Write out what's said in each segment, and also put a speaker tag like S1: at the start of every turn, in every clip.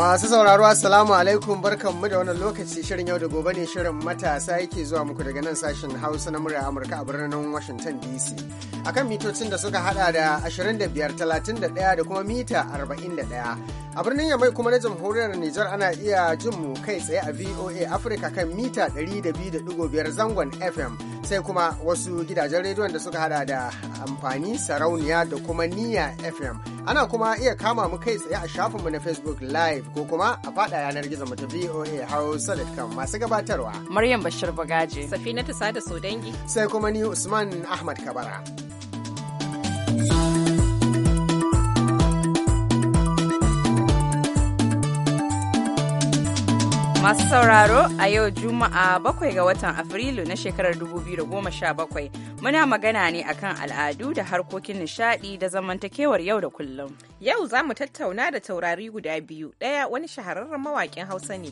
S1: Masu sauraro Assalamu alaikum barkan mu da wannan lokaci shirin yau da gobe ne shirin matasa yake zuwa muku daga nan sashen Hausa na murya Amurka a birnin Washington DC. a kan mitocin da suka hada da 2531 da kuma mita 41. a birnin yamai kuma na jamhuriyar Nijar ana iya jin mu kai tsaye a VOA Africa kan mita 200.5 zangon FM sai kuma wasu gidajen rediyon da suka hada da amfani sarauniya da kuma niya FM ana kuma iya kama mu kai tsaye a shafinmu na Facebook live ko kuma a fada yanar gizo mu ta VOA Hausa.com masu gabatarwa Maryam Bashir Bagaje Safina Tasada Sodangi sai kuma ni Usman Ahmad Kabara Masu sauraro a yau Juma'a bakwai ga watan Afrilu na shekarar 2017 muna magana ne akan al'adu da harkokin nishadi da zamantakewar yau da kullum. Yau za mu tattauna da taurari guda biyu, ɗaya wani shahararren mawaƙin Hausa ne.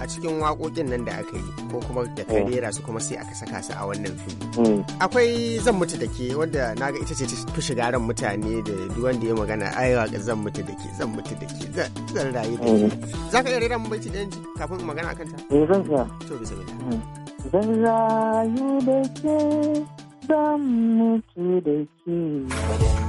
S1: a cikin waƙoƙin nan da aka yi ko kuma da ka hmm. rera su kuma sai aka saka su a wannan fim hmm. akwai zan mutu da ke wanda na ga ita ce ta shiga ran mutane da duk wanda ya magana ai waƙa zan mutu da ke zan mutu da ke zan rayu da ke hmm. za ka iya rera mun baiti ɗayan kafin magana akan ta eh zan iya to zan rayu
S2: da ke zan mutu da ke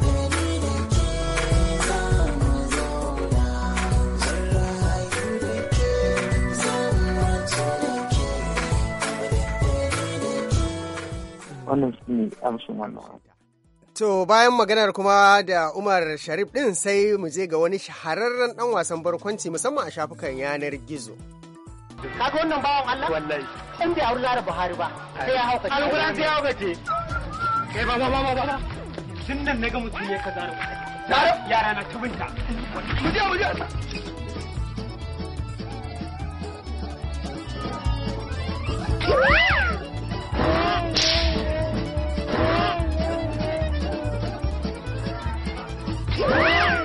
S3: wannan su ne amshin wannan
S1: To bayan maganar kuma da Umar Sharif din sai mu je ga wani shahararren ɗan wasan barkwanci musamman a shafukan yanar gizo. Kaga wannan bawan Allah? Wallahi. bai auri Lara Buhari ba, sai ya hauka. sai ce.
S2: Yeah! Sara!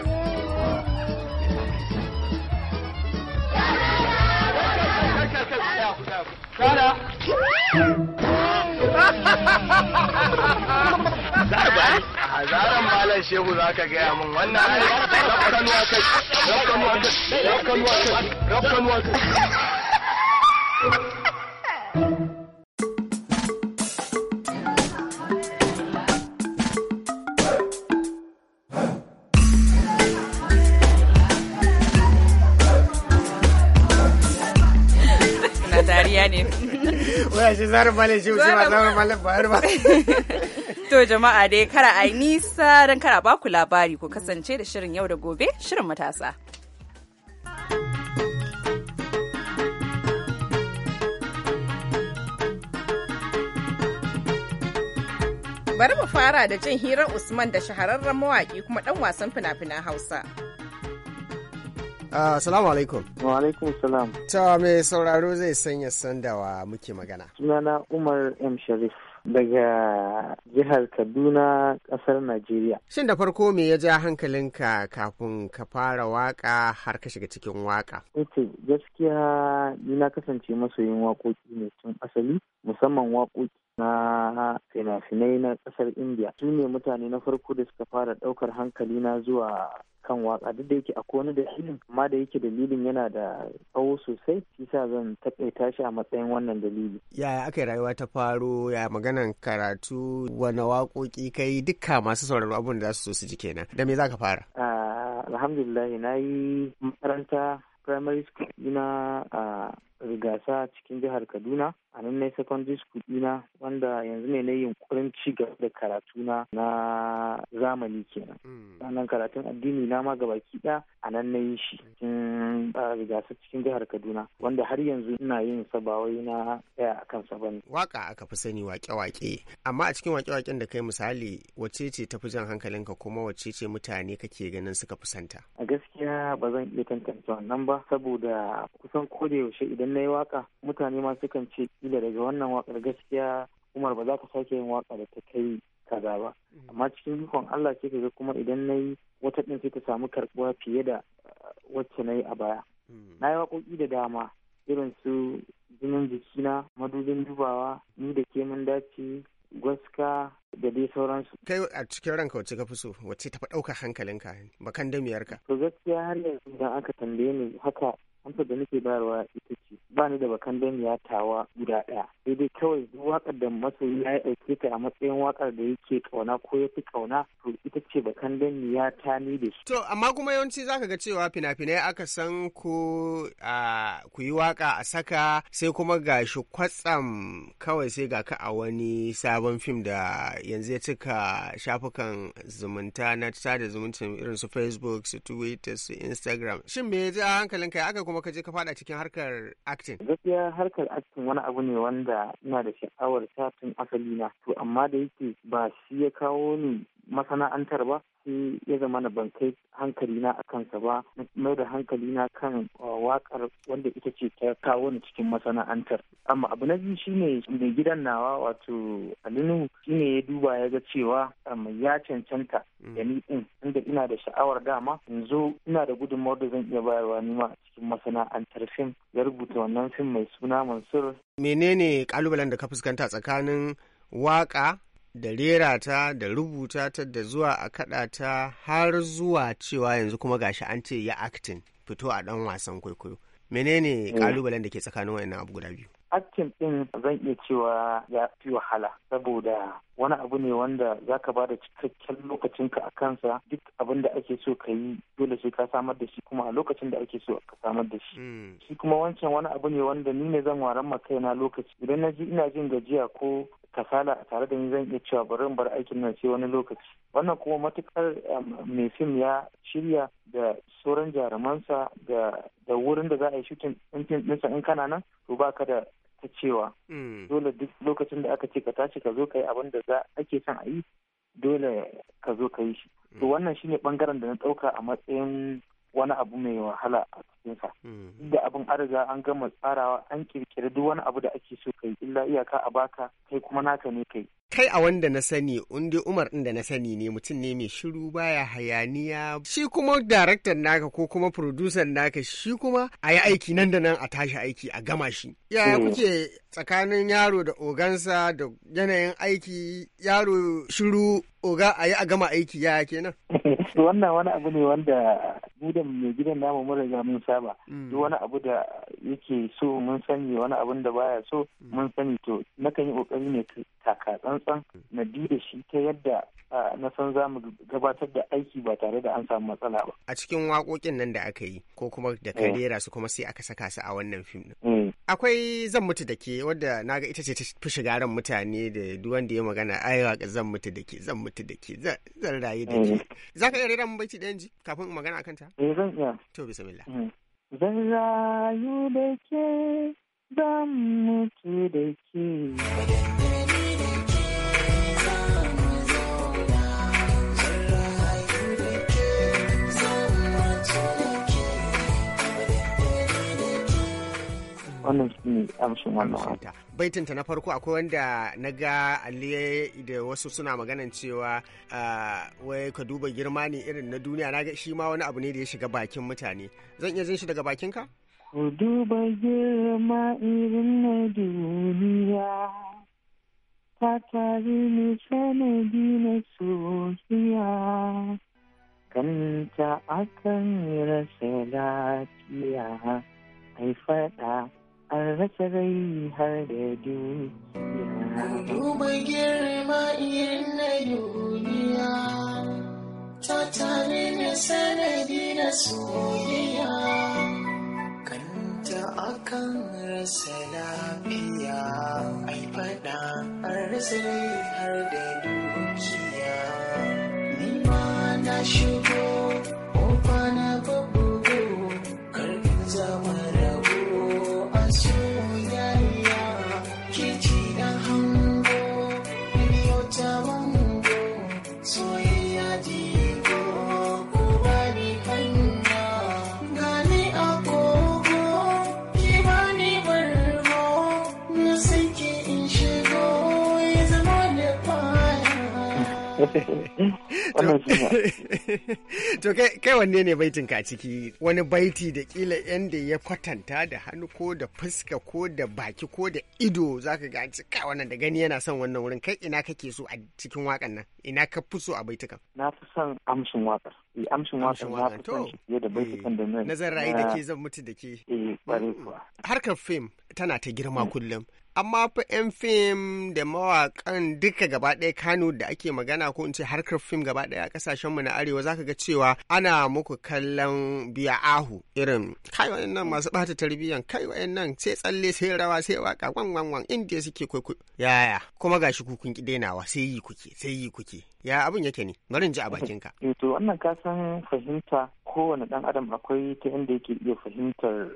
S4: A zaran malam shehu za ka gaya min wannan ai rafkan wakai, rafkan wata rafkan wakai, rafkan wakai.
S1: gashi zara shi shi ba zara malam bayar ba to jama'a dai kara ai nisa dan kara ba ku labari ku kasance da shirin yau da gobe shirin matasa Bari mu fara da jin hirar Usman da shahararren mawaƙi kuma ɗan wasan fina-finan Hausa. Ah, assalamu alaikum. Wa alaikum salam. Ta mai sauraro zai sanya sandawa muke magana. Sunana Umar M. Sharif. daga jihar Kaduna ƙasar Najeriya. Shin da farko me ya ja hankalinka kafin ka fara waka har ka shiga cikin waka? Ok,
S3: gaskiya ni na kasance masoyin waƙoƙi ne tun asali musamman waƙoƙi na fina-finai na ƙasar India. Su ne mutane na farko da suka fara ɗaukar hankali na zuwa kan waka duk da yake akwai wani dalilin amma da yake dalilin yana da tsawo sosai kisa zan takaita shi a matsayin wannan dalili
S1: yaya aka yi rayuwa ta faro ya maganan karatu wani waƙoƙi kai dukka masu sauraro abun da za su so su ji kenan da me za ka fara
S3: alhamdulillah na yi makaranta primary school ina rigasa cikin jihar kaduna a nan na secondary school dina wanda yanzu ne na yunkurin ci gaba da karatuna na zamani kenan hmm. sannan karatun addini na ma gabaki ɗaya a nan na yi shi cikin rigasa cikin jihar kaduna wanda har yanzu ina yin sa na tsaya a kansa ba
S1: waka aka fi sani wake-wake amma a cikin wake-waken da kai misali wace ce tafi jan hankalinka kuma wace ce mutane kake ganin suka fi santa
S3: a gaskiya ba zan iya tantance wannan ba saboda kusan yaushe idan na yi waka mutane ma sukan ce kila daga wannan wakar gaskiya umar ba za ka sake yin waka da ta kai kaza ba mm. amma cikin ikon Allah sai kaga kuma idan na yi wata ɗin sai ta samu karbuwa fiye da uh, wacce na yi a baya mm. na yi waƙoƙi da dama irin su jinin jikina madubin dubawa ni da ke mun dace gwaska da dai sauransu.
S1: Kai a cikin ranka wacce ka fi so wacce ta fi ɗaukar hankalinka bakan ka.
S3: To gaskiya har yanzu idan aka
S1: tambaye ni haka
S3: amsar da nake bayarwa ita ce ba ni da bakan ya tawa guda ɗaya sai dai kawai duk waƙar da masoyi ya ɗauke ta a matsayin wakar da yake ƙauna ko ya fi ƙauna to ita ce bakan ya ta ni da shi.
S1: to amma kuma yawanci zaka ga cewa fina-finai aka san ko ku yi waƙa a saka sai kuma ga shi kwatsam kawai sai ga ka a wani sabon fim da yanzu ya cika shafukan zumunta na sada zumuncin irin su facebook su twitter su instagram shin me ya ji hankalinka ya aka kuma kuma ka je ka fada cikin harkar acting? Gaskiya harkar acting wani abu ne wanda ina da sha'awar
S3: sa asali na. To amma da yake ba shi ya kawo ni masana'antar ba sai ya zama na ban kai hankali na kansa ba mai da hankali na kan uh, wakar wanda ita ce ta kawo ni cikin masana'antar amma abu na biyu shine mai gidan nawa wato alinu shine ya duba ya ga cewa um, ya cancanta mm. da ni din inda ina da sha'awar dama in zo ina da gudunmawar da zan iya bayarwa ni ma cikin masana'antar fim ya rubuta wannan fim mai suna mansur
S1: menene kalubalen da ka fuskanta tsakanin waka da rera ta da rubuta ta da zuwa a kaɗa ta har zuwa cewa yanzu kuma gashi an ce ya acting fito a ɗan wasan kwaikwayo menene kalubalen eh. da ke tsakanin wayannan abu guda biyu
S3: acting din zan iya cewa ya fi wahala saboda wani abu ne wanda za ka da cikakken lokacinka a kansa duk abin da ake so ka yi dole sai ka samar da shi kuma a lokacin da ake so ka samar da shi hmm. shi kuma wancan wani abu ne wanda ni ne zan waran ma kai na lokaci idan na ji ina jin gajiya ko kasala a tare da ni zan iya cewa bari bar aikin nan sai wani lokaci wannan kuma matukar um, mai fim ya shirya da sauran jarumansa da wurin da za a yi shutin ɗin ɗinsa in kana nan to ba ka da ta cewa mm. dole duk lokacin da aka ce ka tashi ka zo ka yi abin da za ake son a yi dole ka zo ka yi shi mm. to wannan shine bangaren da na ɗauka a matsayin wani abu mai wahala a cikinsa
S2: mm. duk da
S3: abin an an gama tsarawa an kirkiri duk wani abu da ake so ka yi illa iyaka a baka kai
S1: kuma naka ne kai kai a wanda na sani inda umar ɗin da na sani ne mutum ne mai shiru baya hayaniya shi kuma daraktan naka ko kuma producer naka shi kuma a yi aiki nan da nan a tashi aiki a gama shi yaya hmm. kuke tsakanin yaro da ogansa da yanayin aiki yaro shiru oga a yi a gama aiki yaya kenan wannan wani abu ne wanda gudan mai gidan namu mura ga mun saba hmm. duk wani abu
S3: da yake so mun sani wani abun da baya so hmm. mun sani to nakan yi kokari ne kaka tsantsan na biyu da shi ta yadda na san za mu gabatar da
S1: aiki ba tare da an samu matsala ba. A cikin waƙoƙin nan da aka yi ko kuma da ka eh. rera su kuma sai aka saka su a wannan fim eh. Akwai zan mutu da ke wadda na ga ita ce ta fi shiga ran mutane da duk wanda ya magana ai waƙa zan mutu da ke zan mutu da ke zan rayu da ke. Eh. Za ka iya rera mun baiti ɗayan ji kafin in magana akan ta? Eh zan iya. To bismillah. Mm. Zan
S3: rayu da ke zan mutu da ke. wannan shi ne
S1: baitinta na farko akwai wanda na ga ali da wasu suna maganan cewa ah, wai ka duba girma ne irin na duniya na ga shi ma wani abu ne da ya shiga bakin mutane zan iya jin shi daga bakin ka?
S3: ku duba girma irin na duniya ta tari ne sanadi na sofiya kanta akan rasa lafiya ai fada an rasa rai har da duniya.
S2: girma irin na duniya, ta tare na sanadi na soyayya, kanta akan rasa lafiya, ai fada an rasa rai har da dukiya. Ni ma na
S1: to kai wanne ne baitin ka ciki wani baiti da kila yanda ya kwatanta da hannu ko da fuska ko da baki ko da ido zaka ga cika wannan da gani yana son wannan wurin kai ina kake so a cikin wakan nan ina ka fi so a baitukan na fi son amshin wakar e, amshin wakar na fi son shi fiye da baitukan eh, da nan nazar da ke zan mutu da ke eh, harkar fim tana ta girma mm. kullum amma fa 'yan fim da mawakan duka gaba ɗaya kano da ake magana ko in ce harkar fim gaba ɗaya a ƙasashenmu na arewa zaka ga cewa ana muku kallon biya ahu irin kai wa'annan masu bata tarbiyyan kai wa'annan sai tsalle sai rawa sai waka wan wan wan suke kwaikwayo yaya kuma gashi ku kun daina wa sai yi kuke sai yi kuke ya abin yake ne bari ji a bakinka.
S3: Eh to wannan ka san fahimta kowane dan adam akwai ta inda yake iya fahimtar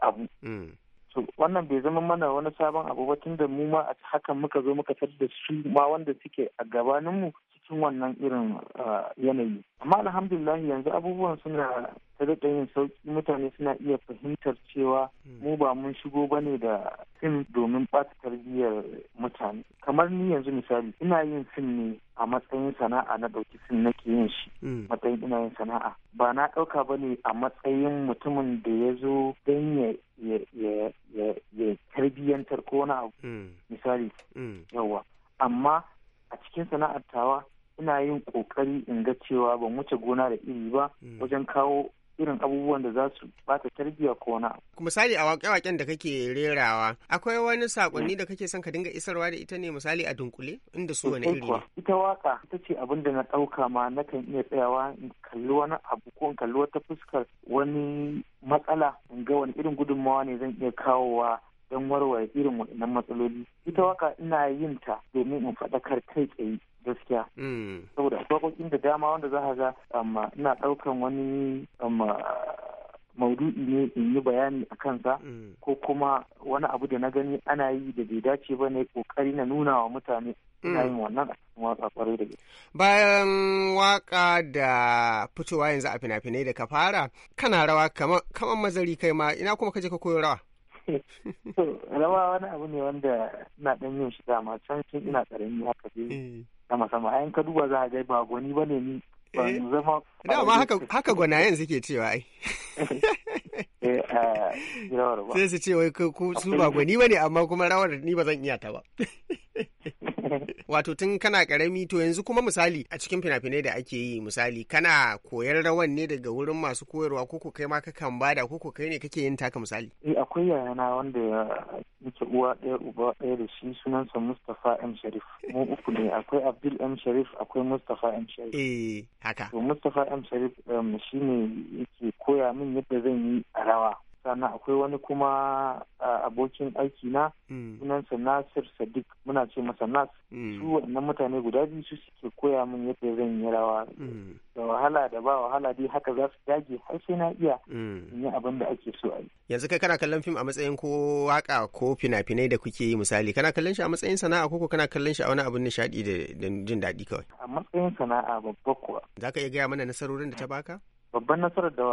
S3: abu mm. to wannan bai zama mana wani sabon abu ba tun da mu ma a hakan muka zo muka fadda da su ma wanda suke a gabaninmu cikin wannan irin ah, yanayi amma alhamdulillah yanzu abubuwan suna ta daɗa yin sauki mutane suna iya fahimtar cewa hmm. mu ba mun shigo ba ne da fim domin ɓata tarbiyyar mutane kamar ni yanzu misali ina yin fim ne a matsayin sana'a na ɗauki fim nake yin shi
S2: hmm. matsayin
S3: ina yin sana'a ba na ɗauka ba ne a matsayin mutumin da ya zo don ya ya tarbiyyantar ko wani abu hmm. misali yawa amma a cikin sana'ar tawa ina yin kokari in ga cewa ban wuce gona da iri ba hmm. wajen kawo irin abubuwan da za su bata tarbiyya ko
S1: wani Misali a waƙe-waƙen da kake rerawa, akwai wani saƙonni da kake son ka dinga isarwa da ita ne misali a dunkule inda su wani iri ne. Ita waka ita ce abin da na ɗauka ma nakan
S3: iya tsayawa in kalli wani abu ko in kalli wata fuskar wani matsala in ga wani irin gudunmawa ne zan iya kawowa don warware irin waɗannan matsaloli. Ita hmm. waka ina yin ta domin in faɗakar kai tsaye gaskiya
S2: mm. saboda
S3: akwai da dama wanda za ga amma um, ina ɗaukan wani amma um, maudu'i ne in yi bayani a kansa mm. ko kuma wani abu da na gani ana yi da bai dace ba ne kokari na nuna wa mutane ina mm. yin wannan a cikin waka kwarai da gaske.
S1: Bayan waka da fitowa yanzu a fina-finai da ka fara kana rawa kamar mazari kai ma ina kuma kaje ka koyo rawa.
S3: rawa wani abu ne wanda ina dan yin shi dama can ina karami haka dai sama sama ayan ka duba za a ga ba gwani ba ne ni eh.
S1: zama dama haka haka gwanayen suke cewa ai
S3: eh, eh,
S1: sai su ce wai ku su ba gwani ba ne amma kuma rawar ni ba zan iya ta ba Wato tun kana karami to yanzu kuma misali a cikin fina-finai da ake yi misali kana koyar rawan ne daga wurin masu koyarwa ko ko kai ma kakan bada ko ko kai ne kake yin taka misali. Eh akwai yayana
S3: wanda yake uwa ɗaya uba ɗaya da shi sunansa Mustapha M Sharif. Mu uku ne akwai Abdul M Sharif akwai Mustapha M Sharif. Eh haka. To Mustapha M Sharif um, shi ne yake koya min yadda zan yi a rawa. sannan akwai wani kuma abokin aiki na hmm. sunansa nasir sadiq muna ce masa nas
S2: hmm. su wannan
S3: mutane guda biyu su suke koya min yadda zan yi rawa hmm. da wahala da ba wahala dai haka za su dage har sai na iya in yi abin da ake so a yi
S1: yanzu kai kana kallon fim a matsayin ko waka ko fina-finai da kuke yi misali kana kallon shi a matsayin sana'a ko kana kallon shi a wani abin nishaɗi da jin daɗi kawai a matsayin sana'a babba kuwa za ka iya gaya mana nasarorin da ta baka babban nasarar da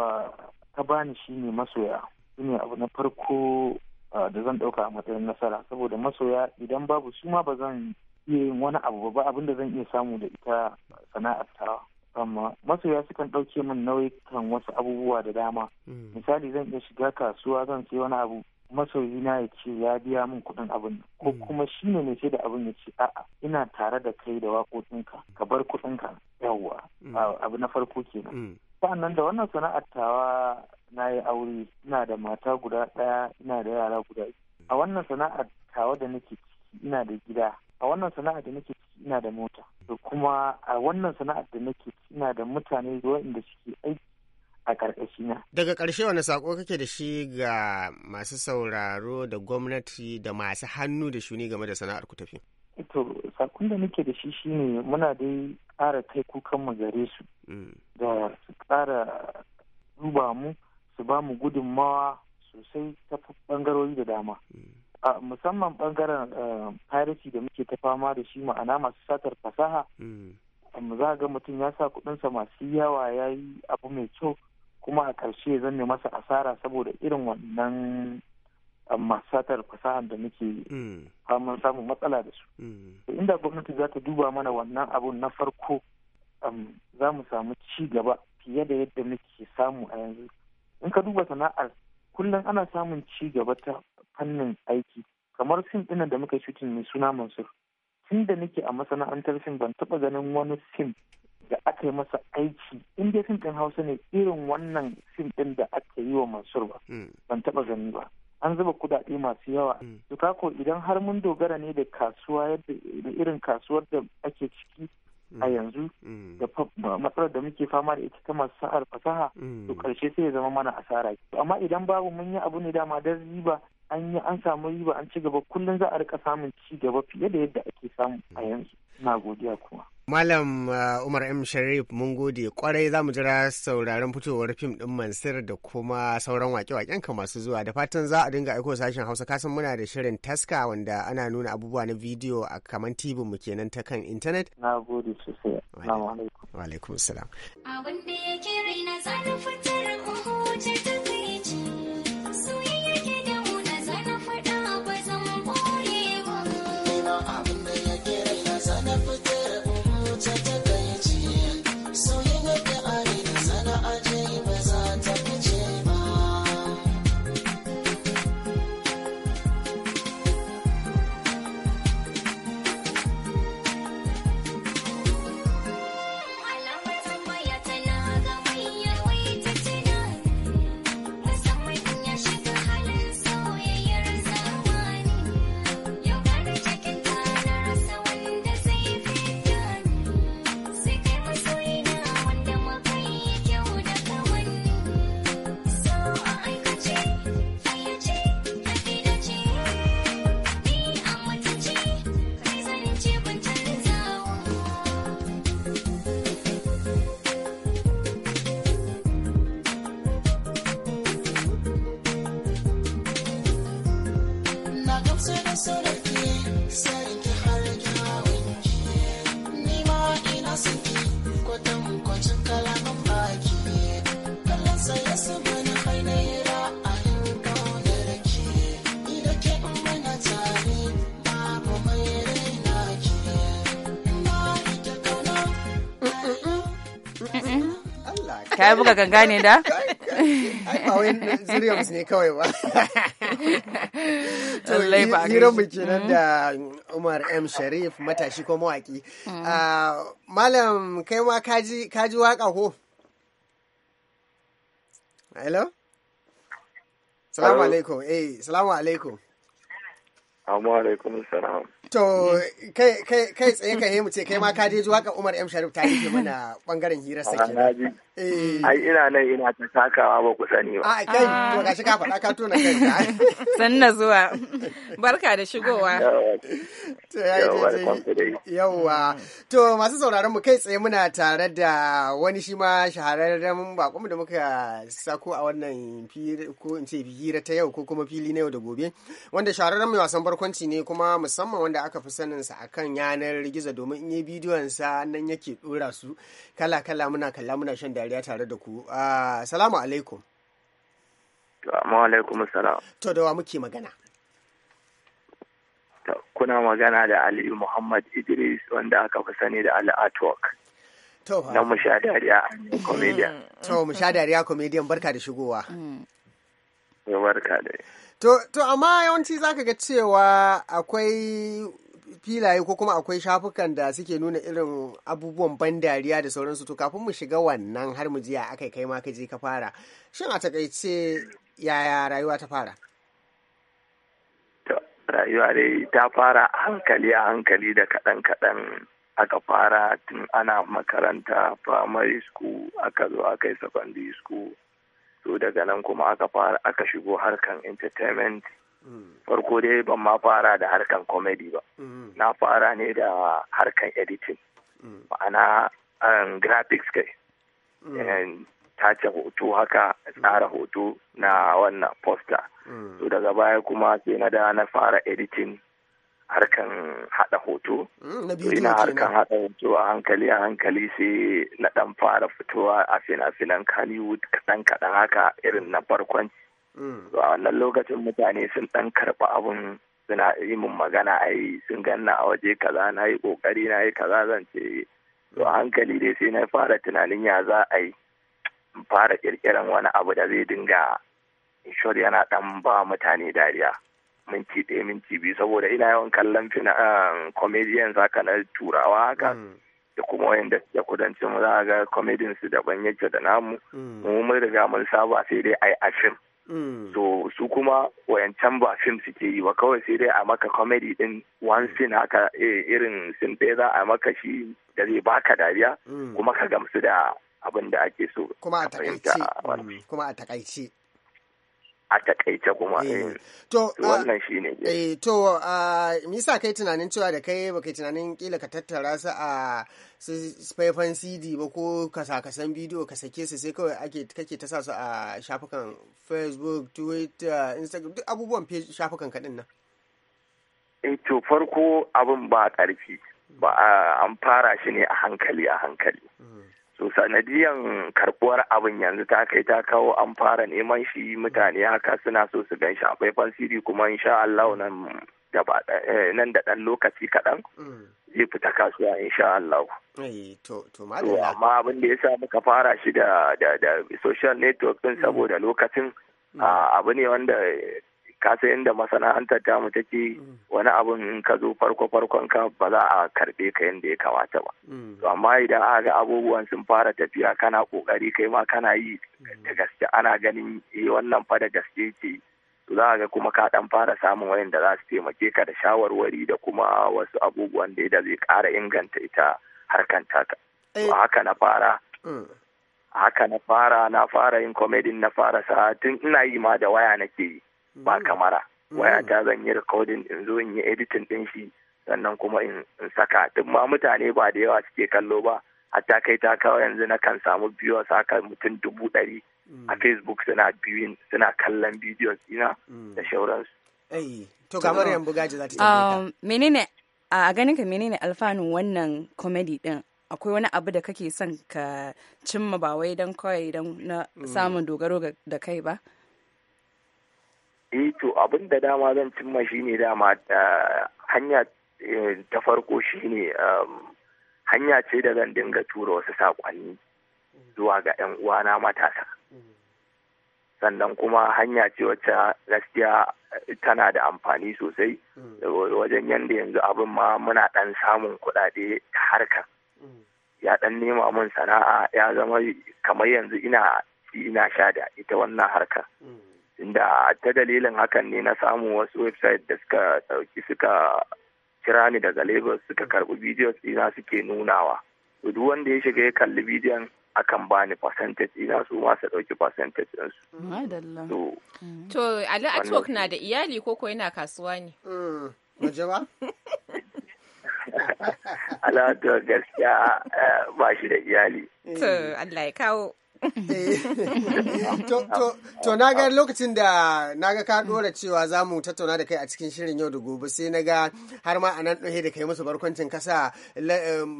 S1: ta bani shi ne masoya
S2: ne abu na farko
S3: da zan ɗauka a matsayin nasara saboda masoya idan babu su ma ba zan iya yin wani abu ba abin da zan iya samu da ita sana'ar tawa amma masoya sukan ɗauke min nau'ikan wasu abubuwa da dama hmm. misali zan iya shiga kasuwa zan sai wani abu masoyi na ya ce ya biya min kuɗin abin ko hmm. kuma shine ne mai da abin ya ce a'a ina tare da kai da waƙoƙinka ka bar kuɗinka yawwa Mm. abu na farko kenan mm. sa'annan da wannan sana'ar tawa na yi aure ina da mata guda ɗaya ina da yara guda mm. a wannan sana'ar tawa da nake ciki ina da gida a wannan sana'ar da nake ciki ina da mota da kuma a wannan sana'ar da nake ciki ina da mutane inda suke aiki a na
S1: Daga karshe wani sako kake da shi ga masu sauraro da gwamnati da masu hannu da shuni game da sana'ar ku tafi?
S3: to sakon da nake da shi shine muna dai ƙara kai mu gare su
S2: mm. da su
S3: ƙara duba mu su ba mu gudunmawa sosai ta bangarori da dama mm. musamman bangaren eh, piracy da muke ta fama da shi ma'ana masu satar fasaha amma za ga mutum ya sa kudinsa masu yawa ya yi abu mai kyau kuma a ƙarshe zan masa asara saboda irin wannan masu satar fasahar da muke faman mm. samun matsala da su. Mm. Inda gwamnati za ta duba mana wannan abun na farko za mu samu ci gaba fiye da yadda muke samu a yanzu. In ka duba sana'ar kullum ana samun ci gaba ta fannin aiki kamar fim ɗinan da muka shutin mai suna Mansur. Tun da nake a masana'antar fim ban taɓa ganin wani fim da aka yi masa aiki in dai fim ɗin Hausa ne irin wannan fim ɗin da aka yi wa Mansur ba mm. ban taɓa gani ba. an zuba kudade masu yawa mm. to idan har mun dogara ne da kasuwa yadda irin kasuwar da ake ciki
S2: mm. a yanzu mm.
S3: da matsalar da muke fama da ita ta masu sa'ar fasaha to karshe sai ya zama mana asara amma idan babu mun yi abu ne dama don riba an yi an samu riba an ci gaba kullum za a rika samun ci gaba fiye da yadda ake samu a yanzu na godiya kuma
S1: Malam uh, Umar M. Sharif mun gode kwarai za mu jira sauraron fitowar fim ɗin Mansur da kuma sauran wake-waken ka masu zuwa da fatan za a dinga aiko sashen Hausa kasan muna da shirin taska wanda ana nuna abubuwa na bidiyo a kaman tibin mu kenan ta kan intanet. Na gode sosai. Wa alaikum salam.
S2: Abin da yake raina na ta fitar
S1: Ka buga ganga ne da? Ba wai ne kawai ba. To hiran mu kenan mm. da Umar M Sharif matashi ko mawaki. Mm. Ah, Malam kai ma kaji kaji waka ko? Hello?
S4: Salamu alaikum.
S1: Eh, salamu alaikum. Amma alaikum salam. To kai tsaye ka mu ce kai ma kaji je zuwa ka Umar M Sharif ta yi mana bangaren hirar sakin.
S4: Ah, Eh. Ai ina nan ina ta takawa ba ku sani ba. A kai
S1: to ah. shi ka faɗa ka tona kai. na zuwa. Barka da shigowa. Yawwa. To masu sauraron mu kai tsaye muna tare da wani shi ma shahararren bakon da muka sako a wannan ko in ce hira ta yau ko kuma fili na yau da gobe wanda shahararren mai wasan barkwanci ne kuma musamman wanda aka fi sanin sa akan yanar gizo domin in yi bidiyon sa nan yake dora su kala kala muna kalla muna shan da dariya tare da ku. Ah, salamu alaikum.
S4: Wa alaikum salam.
S1: To da wa muke magana?
S4: Kuna magana da Aliyu Muhammad Idris wanda aka fi sani da Ali Artwork.
S1: To Na mu musha dariya comedian. To musha dariya comedian barka da shigowa.
S4: Barka da.
S1: To amma yawanci zaka ga cewa akwai filaye ko kuma akwai shafukan da suke nuna irin abubuwan ban dariya da sauransu to kafin mu shiga wannan har mu jiya aka kai ma kaje ka fara shin a takaice yaya rayuwa ta fara
S4: rayuwa dai ta fara hankali a hankali da kaɗan kaɗan aka fara tun ana makaranta primary school aka zo aka yi secondary school to daga nan kuma aka fara aka shigo harkan entertainment farko dai ban ma fara da harkan komedi ba mm. na fara ne da harkan editing mm. ma'ana um, graphics kai mm. tace hoto haka tsara hoto na wannan poster to daga baya kuma sai na da na fara editing harkan hada hoto ina harkan hada hoto a hankali a hankali sai na dan fara fitowa a fina-finan hollywood kadan kadan haka irin na farkon a wannan lokacin mutane sun ɗan karɓi abun suna yi mun magana a yi sun ganna a waje kaza na yi ƙoƙari na yi kaza zan ce eh. to hankali dai sai na fara tunanin ya za a yi fara ƙirƙiran wani abu da zai dinga shor yana ɗan ba mutane dariya minti ɗaya minti biyu saboda ina yawan kallon fina za um, haka na turawa haka mm. da kuma wayanda da suke kudancin za a ga su daban yake da namu
S2: mm. mu mun
S4: riga mun saba sai dai ai a fim Mm. to su kuma wayancan ba fim suke yi ba kawai sai dai a maka comedy din one scene haka eh, irin sin ɗaya za a maka shi da zai baka dariya mm. kuma ka gamsu da abin da ake so kuma a takaice
S1: mm. kuma a takaice
S4: a takaice kuma eh. Eh. to ah, wannan shi ne
S1: eh to ah, misa kai tunanin cewa da kai baka tunanin kila ka tattara su a faifan cd ba ko kasakasan bidiyo ka sake su sai kawai ake kake ta sa su a shafukan facebook twitter instagram duk abubuwan shafukan kaɗin nan
S4: e eh, to farko abin ba ƙarfi ba an fara shi ne a hankali a hankali hmm. so sanadiyan karbuwar abin yanzu ta kai ta kawo an fara neman shi mutane haka suna so su gan shi a faifan cd kuma insha Allah nan Eh, nan da ɗan lokaci kaɗan mm. zai fita kasuwa insha Allah.
S1: Eh, amma
S4: abin da ya sa muka fara shi da social network ɗin mm. saboda lokacin mm. abu ne wanda kasa yadda masana'antar mu take wani abin in ka zo farko farkon ka ba za a karbe ka yadda ya kamata ba to amma idan aka ga abubuwan sun fara tafiya kana kokari kai ma kana yi da gaske ana ganin eh wannan fa da gaske ce to za ga kuma ka dan fara samun wayanda za su taimake ka da shawarwari da kuma wasu abubuwan da zai ƙara inganta ita harkan taka to eh. haka na fara mm. haka na fara na fara yin komedin na fara sa tun ina yi ma da waya nake yi ba mm. kamara mm. waya ta zan yi rikodin in zo in yi editin din shi sannan kuma in saka duk ma mutane ba da yawa suke kallo ba hatta kai ta kawo yanzu na kan samu biyu haka mutum dubu ɗari Mm. a facebook suna biyun suna kallon bidiyon ina
S1: mm. da shauransu to kamar yan bugaji za ta um, menene a ganin ka menene alfanun wannan comedy din akwai wani abu da kake son ka cimma ba wai don kawai don na mm. samun dogaro da kai ba
S4: eh to abin da dama zan cimma shine dama hanya eh, ta farko shine um, hanya ce da zan dinga tura wasu saƙonni zuwa ga 'yan uwana matasa sannan kuma hanya ce wacce gaskiya tana da amfani sosai wajen yadda yanzu abin ma muna ɗan samun kuɗaɗe ta harkar ya ɗan nema mun sana'a ya zama kamar yanzu ina ina sha da ita wannan harka inda ta dalilin hakan ne na samu wasu website da suka ɗauki suka kira ni daga Lagos suka karɓi videos ina suke nunawa duk wanda ya shiga ya kalli bidiyon akan bani percentage ina su ma su dauki percentage din su. Mm.
S1: To, Ali Atwork na da iyali ko ko yana kasuwa ne? Majawa? Mm.
S4: ala to gaskiya eh, ba shi da iyali.
S1: Eh. To, Allah ya kawo. Eh. to na ga lokacin da na ga ka dora cewa za mu tattauna da kai a cikin shirin yau da gobe sai na ga har ma a nan ɗauke da kai musu barkwancin kasa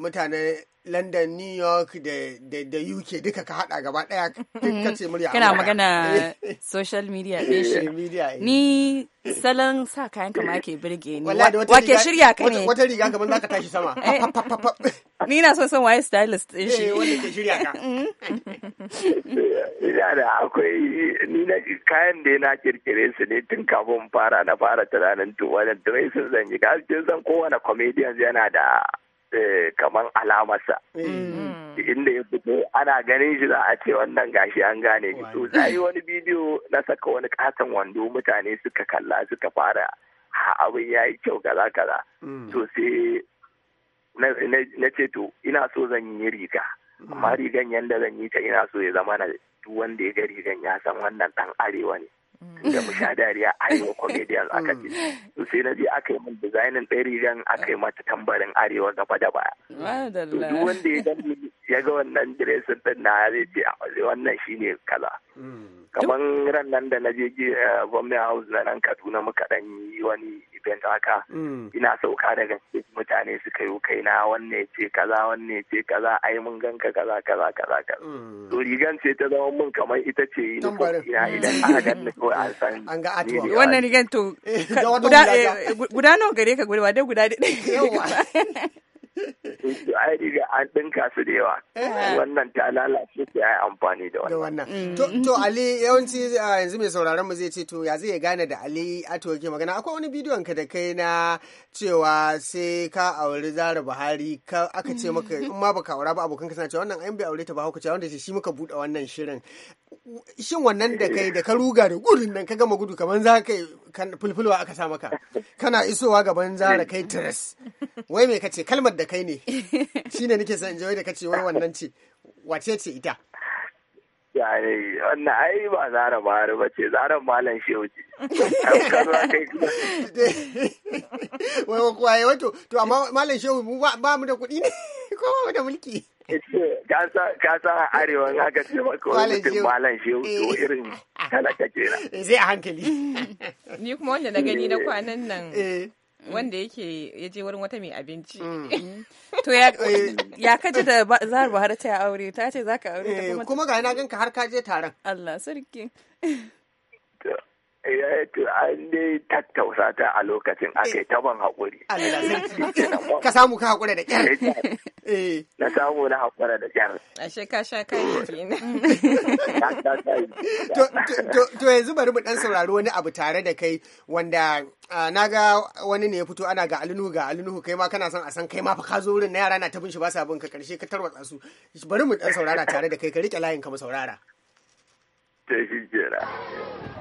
S1: mutane london new york da uk duka ka hada gaba daya duka mhm. ce murya kana magana social media ɗin shi eh, eh. ni salon sa kayan kama ke birge ni wake shirya ka ne wata riga gaban zaka tashi sama eh. ni na son son waye stylist ɗin shi wanda ke shirya ka mm.
S4: ina da akwai ni na kayan da na kirkire su ne tun kafin fara na fara tunanin da dresses zan yi ga zan kowane comedian yana da Eh, kamar alamarsa mm. Mm. inda ya fito ana ganin shi za a ce wannan gashi an gane shi to yi wani bidiyo na saka wani katon wando mutane suka kalla suka fara ha abin ya yi kyau kaza kaza mm. to sai na ce to ina so zan yi riga amma rigan yadda zan yi ta ina so ya zama na duk wanda ya ga rigan ya san wannan dan arewa ne da mu sha dariya arewa comedians aka ce mm. sai na je aka yi min designing ɗaya rigan aka yi mata tambarin arewa gaba da baya
S2: duk wanda
S4: ya gani ya ga wannan diresin din na zai ce ah, wannan shine kaza mm. kamar ran nan da na je gwamnati eh, house na nan kaduna muka ɗan yi wani event haka mm. ina sauka daga stage mutane su yi kai na wanne ce kaza wanne ce kaza ai mun ganka kaza kaza kaza kaza mm. to rigan ce ta zama mun kamar ita ce ina idan aka ganni ko an san an ga wannan
S1: rigan to eh, eh, guda nawa gare ka guda dai guda dai
S4: ai riga an dinka su da yawa eh. wannan ta lalace sai ai amfani da
S1: wannan mm. to ali yawanci yanzu mai sauraron mu zai ce to ya zai gane da ali to yake magana akwai wani bidiyon ka da kai na cewa sai ka auri zara buhari ka aka ce maka in ma baka aura ba abokan ka suna cewa wannan an bai aure ta ba hukuce wanda shi muka buɗe wannan shirin shin wannan da kai da ka ruga da gudun nan ka gama gudu kamar za ka fulfulwa aka sa maka kana isowa gaban zara kai tres wai me ce kalmar da da kai ne shine nake son in da kace wai wannan ce wace ce ita
S4: wannan ai ba zara har ba ce zara malam shehu ce
S1: wai kuwa wato to amma malam shehu mu ba mu da kuɗi ne ko ba mu da mulki ka a arewa haka ce maka wani mutum malam shehu to eh. irin kake na zai eh, a hankali ni kuma wanda na gani na kwanan nan eh. Mm. wanda yake ya je wurin wata mai abinci mm. to ya kaji eh. da zahar bahar ta aure ta ce za ka aure da eh, kuma kuma ga na ka har ka je taron allah sarki eh,
S4: an dai tattausa ta a lokacin aka yi taban haƙuri.
S1: Ka samu ka haƙuri da ƙyar. Eh. na samu na haƙura da jar. Ashe ka sha kayi kenan. To yanzu bari mu ɗan saurari wani abu tare da kai wanda na ga wani ne ya fito ana ga alinuhu ga alinuhu kai ma kana son a san kai ma fa ka zo wurin na yara na tabin shi ba sa bin ka karshe ka tarwatsa su bari mu ɗan saurara tare da kai ka riƙe layin ka mu saurara.
S4: Ta shi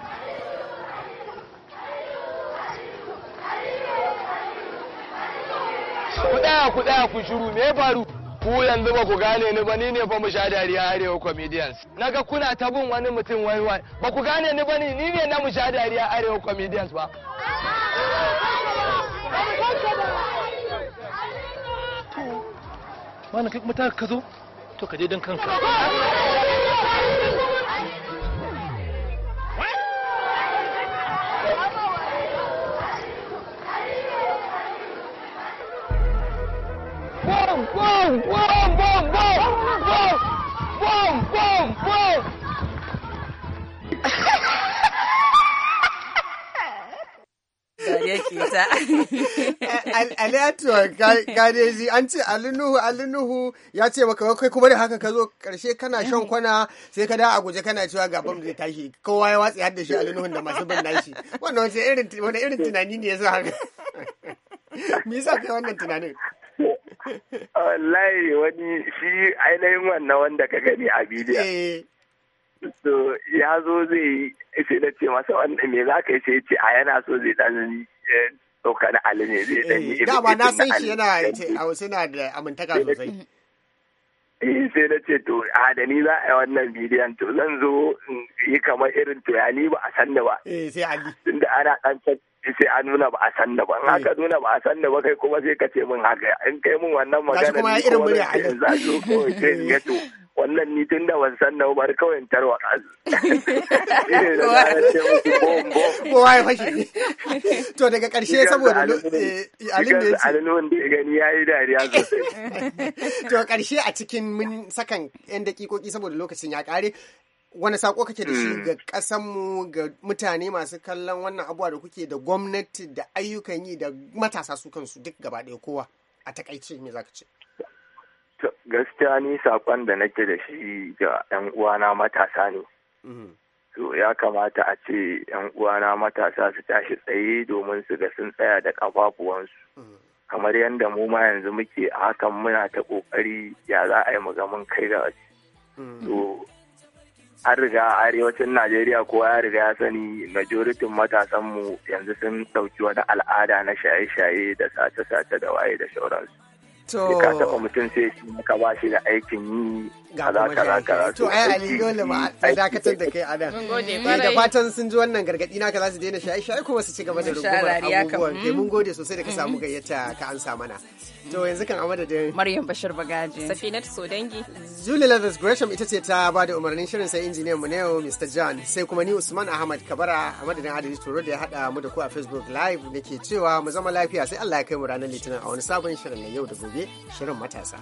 S4: ku daya ku ku shiru me ya faru ku yanzu ba ku gane ni ba ni ne fa mu sha dariya arewa comedians naga kuna ta bin wani mutum wai wai ba ku gane ni ba ni ni ne na mu sha dariya arewa comedians ba mana kai kuma ta ka zo to ka je dan kanka
S1: gane zi an ce alinuhu alinuhu ya ce maka kai kuma da haka ka zo karshe kana shan kwana sai ka da a guje kana cewa ga bam zai tashi kowa ya watsi har shi alinuhun da masu bin nashi wannan wani irin tunani ne ya sa haka me yasa kai wannan tunanin
S4: wallahi wani shi ainihin wannan wanda ka gani a bidiyo eh. so ya zo zai sai na ce masa wannan me za ka yi sai ce a yana so zai dan eh, ɗauka na ali ne zai dan yi eh, dama na san shi yana
S1: suna da amintaka eh, sosai
S4: eh sai na ce to a da ni za a yi wannan bidiyon to zan zo yi kamar irin to ya ni ba a san da ba eh sai ali tunda ana dan sai a nuna ba a san da ba in haka eh. nuna ba a san da ba kai kuma sai ka ce min haka in kai min wannan magana ne kuma irin murya ali yanzu a ko sai ya to wannan ni tun da ban san nawa bari kawai tarwa
S1: kowa ya fashe to daga karshe saboda alim eh, eh, da
S4: alimin da gani ya yi dariya
S1: sosai to karshe a cikin mun sakan yan dakikoki saboda lokacin ya kare wani sako kake da shi hmm. ga mu ga mutane masu kallon wannan abuwa da kuke da gwamnati da ayyukan yi da matasa su kansu duk gaba ɗaya kowa a takaice me zaka ce
S4: gaskiya ni saƙon da nake da shi ga 'yan uwana matasa ne.
S1: So mm-hmm.
S4: ya kamata a ce 'yan uwana matasa su tashi tsaye domin su ga sun tsaya da ƙafafuwansu. Mm-hmm. Kamar yadda mu ma yanzu muke a hakan muna ta ƙoƙari ya za a yi mu ga mun kai da wasu. so an riga arewacin Najeriya kowa ya riga ya sani majoritin matasanmu yanzu sun ɗauki wani al'ada na shaye-shaye da sace-sace da waye da shauransu.
S1: To. Ka taɓa
S4: mutum sai shi ka ba shi da aikin yi. Ga kuma To ai Ali dole
S1: ma a dakatar da kai a Mun gode eh, kwarai. Da fatan sun ji wannan gargaɗi naka za su daina shaye shaye kuma su ci gaba da rungumar abubuwan. Kai eh, mun hmm. gode sosai da ka samu hmm. gayyata ka ansa mana. To yanzu kan a madadin. Maryam Bashir Bagaji.
S4: Safinat Sodangi.
S1: Julie Leathers Gresham ita ce ta ba da umarnin shirin sai injiniyan mu ne yau Mr. John sai kuma ni Usman Ahmad Kabara a madadin Adili Toro da ya hada mu da ku a Facebook Live da ke cewa mu zama lafiya sai Allah ya kai mu ranar Litinin a wani sabon shirin na yau da gobe. gobe shirin matasa.